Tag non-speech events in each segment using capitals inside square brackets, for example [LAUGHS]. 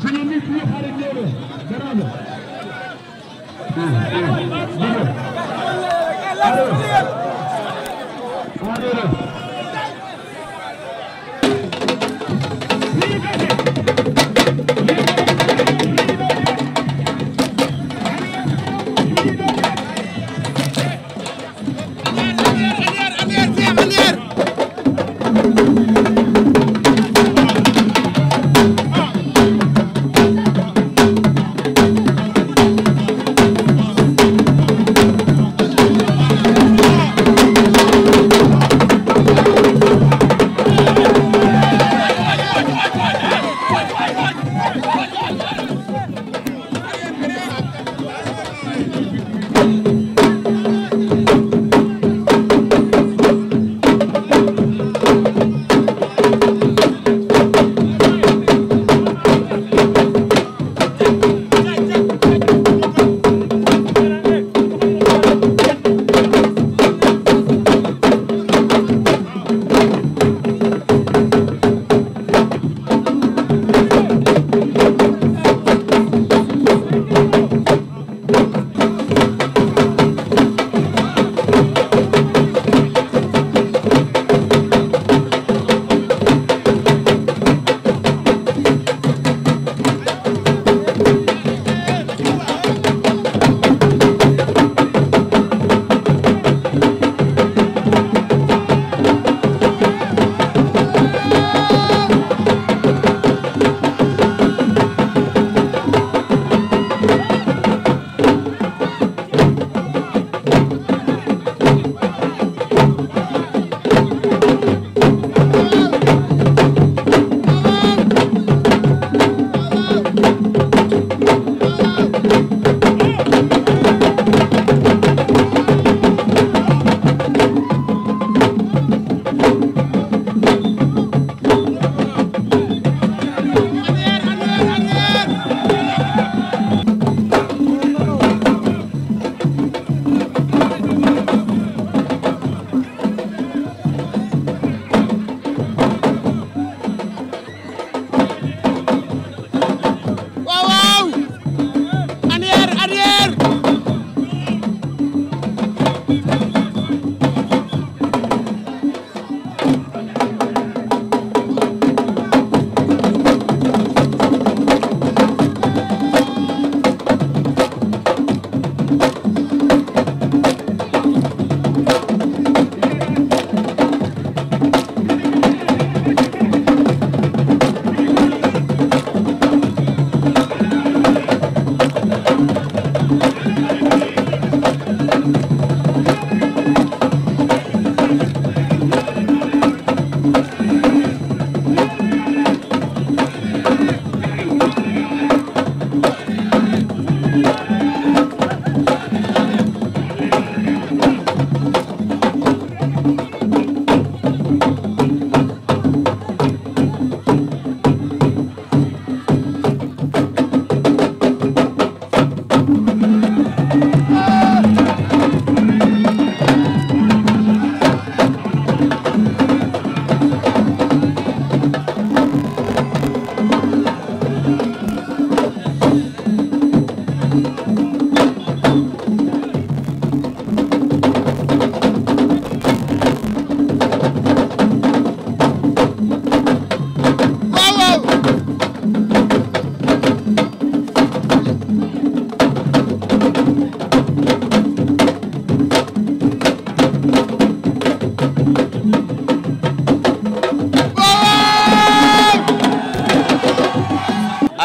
suñu nit ñi xarit ñëw garab Thank you.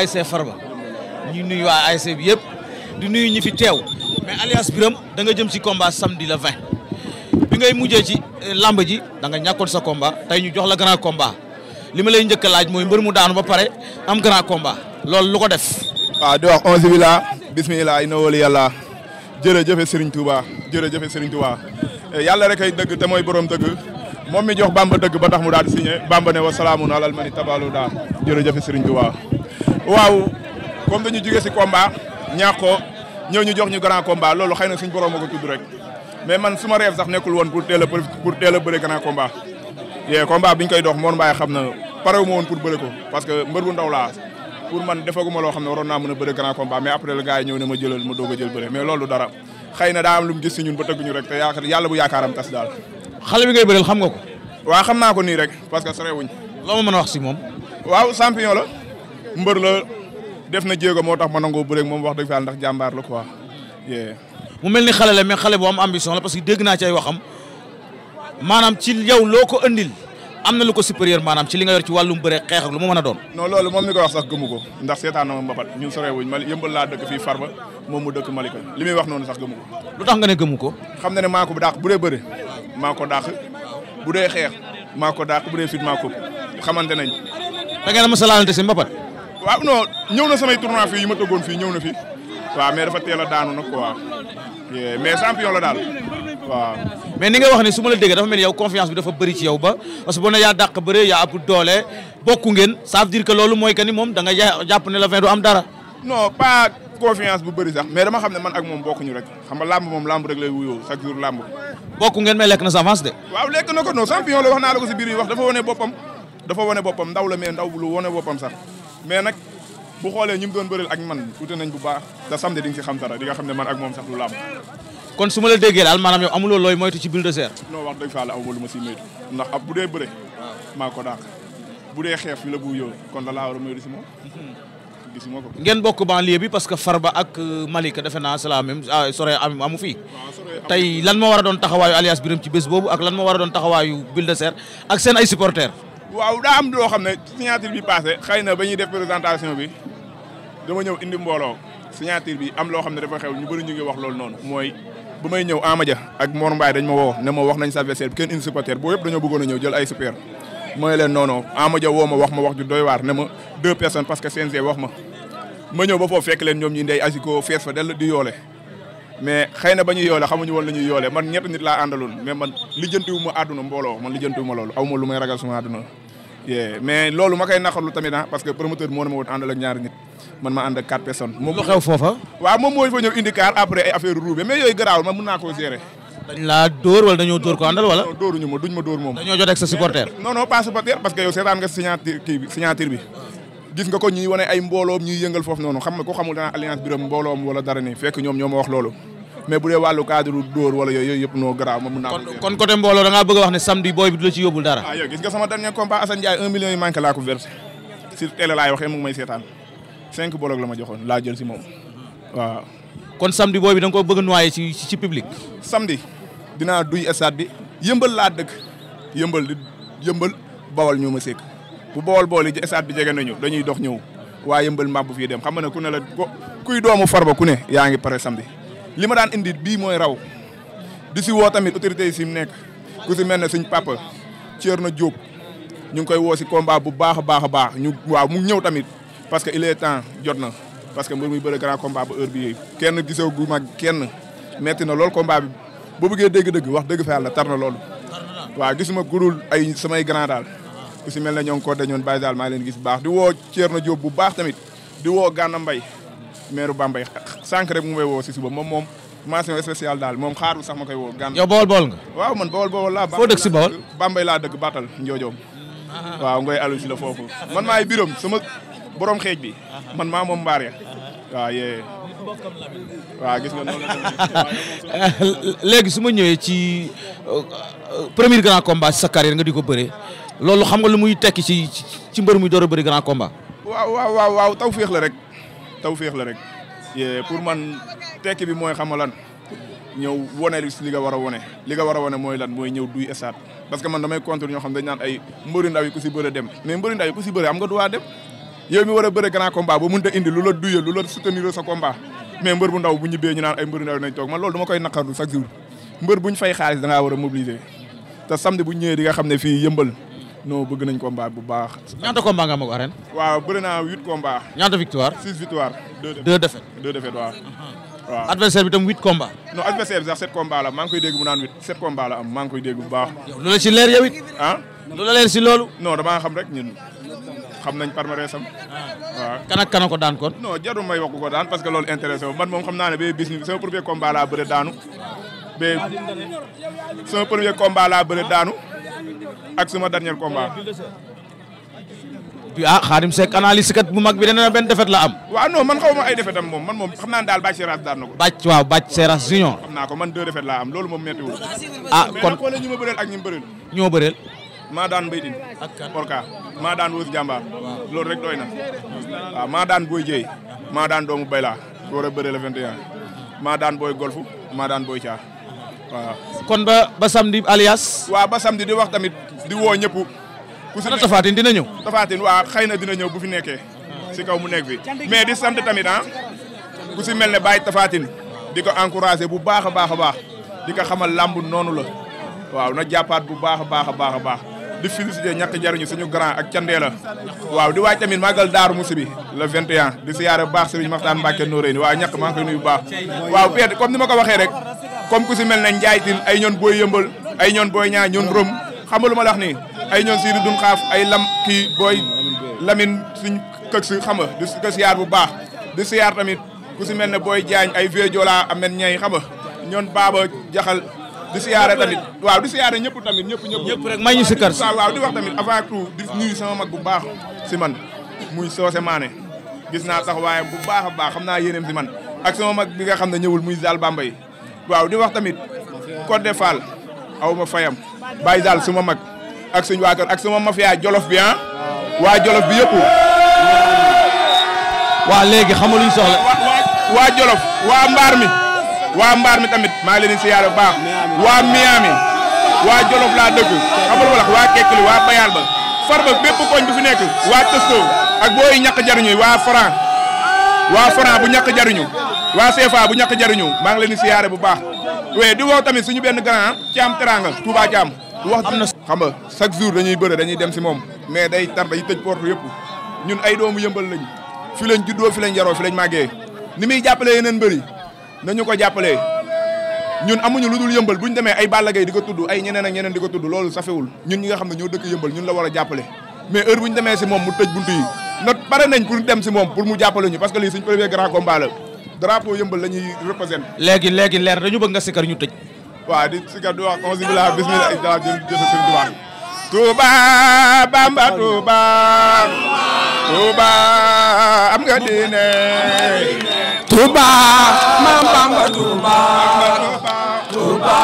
ASC Farba ñu nuyu waa ASC bi yëpp di nuyu ñi fi teew mais alias Birame da jëm ci combat samedi le 20 bi ngay mujjee ci euh, lamb ji da nga ñàkkoon sa combat tey ñu jox la grand combat li ma lay njëkk laaj mooy mbër mu daanu ba pare am grand combat loolu lu ko def. waaw di wax onze billah bismillah inna wali yàlla jërëjëf Serigne Touba jërëjëf Serigne Touba eh, yàlla rek ay dëgg te mooy borom dëgg moom mi jox ba dëgg ba tax mu daal di signé Bamba ne wa waaw comme dañu jógee si combat ñaax ko ñëw ñu jox ñu grand combat loolu xëy na suñu borom ko tudd rek mais man suma rêve sax nekkul woon pour teel a pour teel a bëre grand combat. yee combat bi ñu koy dox Mor Mbaye xam na pare wu ma woon pour bëre ko parce que mbër bu ndaw laa pour man defaguma loo xam ne waroon naa mën a bëre grand combat mais après le gars yi ñëw ne ma jëlal ma doog a jël bëre mais loolu dara xëy na daa am lu mu gis ba tëgguñu rek te yàlla bu yaakaaram tas daal. xale bi ngay xam nga ko. waaw rek parce que sore wuñ. loo ma a wax moom. waaw champion mbër la def na jéego moo tax ma nangoo bëreeg moom wax dëgg fa ndax jàmbaar la quoi. mu mel ni xale la mais xale boo am ambition la parce que dégg naa ca ay waxam maanaam ci yow loo ko andil am na lu ko supérieur maanaam ci li nga yor ci wàllum bëre xeex ak lu mu mën a doon. non loolu moom mi ko wax sax gëmu ko ndax seetaan na ma mbapat ñun sorewuñ ma yëmbal laa dëkk far Farba moom mu dëkk Malika li muy wax noonu sax gëmu ko. lu tax nga ne gëmu ko. xam na ne maa ko dàq bu dee bëre maa ko bu dee xeex maa ko bu dee fit maa ko xamante nañ. da ngeen a mos a laalante si mbapat waaw non ñëw na samay tournoi fii yu ma tëggoon fii ñëw na fi waaw mais dafa teel a daanu nag quoi mais champion la daal waaw. mais ni nga wax ne su ma la déggee dafa mel ni yow confiance bi dafa bëri ci yow ba parce que boo nee yaa dàq bëre yaa doole bokku ngeen ça veut dire que loolu mooy que ni moom da nga jàpp ne la fin du am dara. non pas confiance bu bëri sax mais dama xam ne man ak moom bokkuñu rek xam nga làmb moom làmb rek lay wuyoo chaque jour làmb. bokku lekk na sa waaw lekk na ko non wax naa la ko si biir yi wax dafa wane boppam dafa ndaw la mais ndaw lu wane boppam sax mais nag bu xoolee ñi mu doon bëreel ak man tuuti nañ bu baax te samedi di nga xam dara di nga xam ne man ak moom sax lu laam su ma la déggee daal maanaam yow amuloo looy moytu ci Bulldozer non wax dëgg faala amuma lu ma bu dee bëre maa ko bu dee xeex fi la yow kon la laa war a moytu si moom ko ngeen bokk banlieue bi parce que Farba ak euh, Malika defe naa la même ah, sore amu fii tey lan moo war a doon taxawaayu Alliance Birame ci bés boobu ak lan moo war a doon taxawaayu Bulldozer ak seen ay supporters waaw daa am loo xam ne signature bi passé xëy na ba ñuy def présentation bi dama ñëw indi mbooloo signature bi am loo xam ne dafa xew ñu bëri ñu ngi wax loolu noonu mooy bu may ñëw Amadia ak Mor Mbaye dañ ma woo ne ma wax nañ sa adversaire bi kenn indi supporter boo yëpp dañoo bëggoon a ñëw jël ay super mooy leen noono Amadia woo ma wax ma wax ju doy waar ne ma deux personnes parce que CNG wax ma ma ñëw ba foofu fekk leen ñoom ñi ndey asiko fees fa dell di yoole mais xëy na ba ñu yoole xamuñu woon la ñuy yoolee man ñett nit laa àndaloon mais man lijjantiwu ma àdduna mbooloo man lijjantiwu ma loolu aw lu may ragal suma àdduna mais loolu ma koy naqarlu tamit ah parce que promoteur moom fa ñëw indi kaar après ay affaire ruube mais yooyu garaawul man mën naa koo gérer dañ laa dóor wala dañoo dóor ko àndal wala non dóoruñu ma duñ ay mbooloom ñuy yëngal foofu noonu xam nga ko xamul dana alliance biram mbooloom wala dara ni fekk ñoom ñoo wax loolu mais bu dee wàllu cadre dóor wala yooyu yëpp noo garaaw ma mun naa kon côté mbooloo da ngaa bëgg a wax ne samedi booy bi du la ci yóbbul dara ah yow gis seetaan cinq bolog la ma joxoon laa jël si moom waaw kon samedi booy bi da nga ko bëgg a noyé ci ci public samedi dinaa duy stade bi yëmbal laa dëkk yëmbal di yëmbal bawal ñoo ma sekk bu bawal bool yi bi jege nañu dañuy dox ñëw waa yëmbal bu fii dem xam na ne ku ne la kuy doomu farba ku ne yaa ngi pare samedi li ma daan indi bii mooy raw di si woo tamit autorité yi si mu nekk ku si mel ne suñ papa Thierno Diop ñu ngi koy woo si combat bu baax a baax a baax ñu waaw mu ñëw tamit parce que il est temps jot na parce que mbir muy bëre grand combat ba heure bii kenn gisoo gu mag kenn metti na lool combat bi boo buggee dégg-dëgg wax dëgg fa yàlla tar na loolu waaw ma gudul ay samay grand daal ku si mel na ñoo ngi ko dañoon bàyyi daal maa leen gis bu baax di woo Thierno Diop bu baax tamit di woo Gana Mbaye maire Bambey sànq rek mu may woo si suba moom moom mention spéciale daal moom xaarul sax ma koy woo gan yow bool bool nga waaw man bool bool laa foo dëkk si bool Bambey laa dëkk Batal Njoojoom waaw ngoy alu si la foofu man maay birom sama borom xeej bi man maa moom mbaar ya waaw yee waaw [LAUGHS] léegi su ma ñëwee ci euh, premier grand combat si sa carrière nga di ko bëree loolu xam nga lu muy tekki ci ci mbër muy door a bëri grand combat waaw waaw waaw waaw taw féex la rek taw féex la rek pour man tekki bi mooy xama lan ñëw wone li nga war a wone li nga war a wone mooy lan mooy ñëw duy estaat parce que man damay contre ñoo xam ne naan ay mbëri ndaw yi ku si bëre dem mais mbëri ndaw yi ku si bëre am nga droit dem yow mi war a bëre grand combat ba mënut a indi lu la duye lu sa combat mais mbër bu ndaw bu ñibbee ñu naan ay mbëri ndaw yi toog man loolu dama koy naqarlu chaque jour mbër buñ fay xaalis da war a mobiliser te samedi bu ñëwee di nga xam ne fii yëmbal non bëgg nañ combat bu baax ñaata combat nga am ak arène waaw bëri naa ñaata victoire six victoire deux défaites deux défaites waaw. waaw adversaire bi tam huit combats. non adversaire bi sax sept combats la maa ngi koy dégg mu naan huit sept combats maa ngi koy dégg bu baax. yow si la ci leer yow ah lu la leer ci loolu. non damaa xam rek ñun xam nañ palmarès am. waaw kan ak kan ko daan kon. non jarul may wax ko daan parce que loolu intéressé wu man moom xam naa ne bee bis sama premier combat laa bëre daanu. bee sama premier combat laa bëre daanu ak sama dernier combat. ah Xaadim Seck analyste kat bu mag bi dana benn defet la am. waaw non man xaw ma ay defetam moom man moom xam naa ne daal Bac Seras daan na ko. Bac waaw Bac Seras Junior. xam naa ko man deux defet laa am loolu moom méttiwul. ah ma bëreel ak ñi mu bëreel. ñoo bëreel. maa daan Mbaydin. ak Orka maa daan Wës Jàmbaar. loolu rek doy maa daan Boy Dieye. maa daan doomu Bayla. war a bëreel 21. maa daan Boy Golf maa daan Boy Caa waaw. kon ba ba samedi alias. waaw ba samedi di wax tamit di woo ñëpp. ku si nekk Tapha Tine dina ñëw. Tapha Tine waaw xëy na dina ñëw bu fi nekkee. si kaw mu nekk bi mais di sant tamit ah. ku si mel ne baay Tapha di ko encouragé bu baax a baax a baax di ko xamal làmb noonu la waaw na jàppaat bu baax a baax a baax a baax di félicité ñàkk jariñu suñu grand ak candee la waaw di waaj tamit màggal daaru musi bi le 21 di siyaare bu baax Serigne Maxtaan Mbàkke Noreyni waaw ñàkk maa ngi koy nuyu bu baax waaw Père comme ni ma ko waxee rek comme ku mel ne Njaay ay ñoon booy yëmbal ay ñoon booy ñaa ñoon rom xamaluma la wax nii ay ñoon siiru dun xaaf ay lam kii booy lamin suñ këg si xam nga di ko bu baax di siyaar tamit ku si mel ne booy jaañ ay vieux jola amen ñay xam nga ñoon baaba jaxal di siyaare tamit waaw di siyaare ñëpp tamit ñëpp ñëpp ñëpp rek may ñu si kër waaw di wax tamit avant tout di nuyu sama mag bu baax si man muy soose maane gis naa sax waaye bu baax a baax xam naa yéeneem si man ak sama mag bi nga xam ne ñëwul muy Zal Bamba yi waaw di wax tamit Codé Fall aw ma fayam bàyyi Zal suma mag ak suñu waa kër ak sama mafia jolof bi ah. waa jolof bi yëpp. waa léegi xamu luñ soxla. waa jolof waa mbaar mi. waa mbaar mi tamit maa ngi leen siyaare bu baax. waa Miami. waa jolof laa dëkk. xamal wala waa Kekli waa Bayal ba. farba bépp koñ bu fi nekk. waa Testo ak booy ñàkk jariñu waa Franc. waa Franc bu ñàkk jariñu. waa CFA bu ñàkk jariñu maa ngi leen di siyaare bu baax. we di woo tamit suñu benn grand ci am teranga Touba wax am na xam nga chaque jour dañuy bëre dañuy dem si moom mais day tar day tëj porte yëpp ñun ay doomu yëmbal lañ fi lañ juddoo fi lañ yaroo fi lañ màggee ni muy jàppalee yeneen bëri nañu ko jàppalee ñun amuñu lu dul yëmbal bu ñu demee ay Balla Gaye di ko tudd ay ñeneen ak ñeneen di ko tudd loolu safewul ñun ñi nga xam ne ñoo dëkk yëmbal ñun la war a jàppale mais heure bu ñu demee si moom mu tëj buntu yi na pare nañ pour dem si moom pour mu jàppale ñu parce que lii suñ premier grand combat la drapeau yëmbal la ñuy léegi leer dañu bëgg nga sikkar ñu tëj waaw di si kat di wax onze billah bismillah daal jëm jëfe sëñ Tuubaa Tuuba Bamba Tuuba Tuuba am nga diine Tuuba maam Bamba Tuuba Tuuba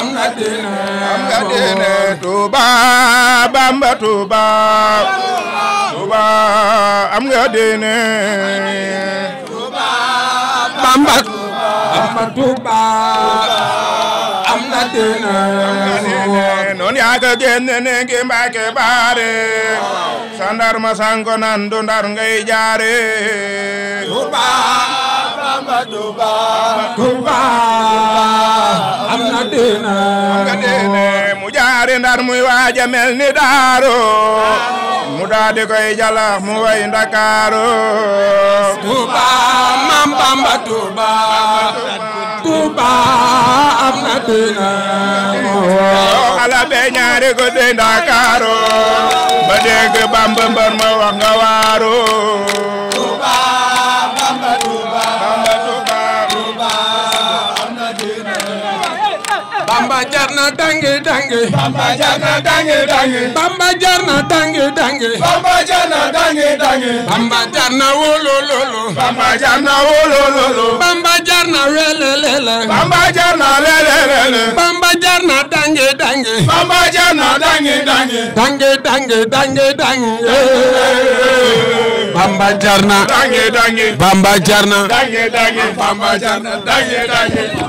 am nga diine am nga diine Tuuba Bamba Tuuba Tuuba am nga diine Tuuba Bamba Tuuba noon yaaka ma sanko nan du ndar ngay jaare Tuuba mu jaare ndar muy waaja mel ni daaro mu daadi koy jalax mu way ndakaaro Tuuba mam Bamba Tuuba Touba am na dinamoo ala bee ñaari ko dey Ndakaaru ba dégg Bamba mbër ma wax nga waaru Bamba jar na dange dange. Bamba jar na dange dange. Bamba jar na dange dange. Bamba jar na dange dange. Bamba jar na wolololo. Bamba jar na wolololo. Bamba jar na welelele. Bamba jar na lelelele. Bamba jar na dange dange. Bamba jar na dange dange. Dange dange dange dange. Bamba jarna dange dange Bamba jarna dange dange Bamba jarna dange dange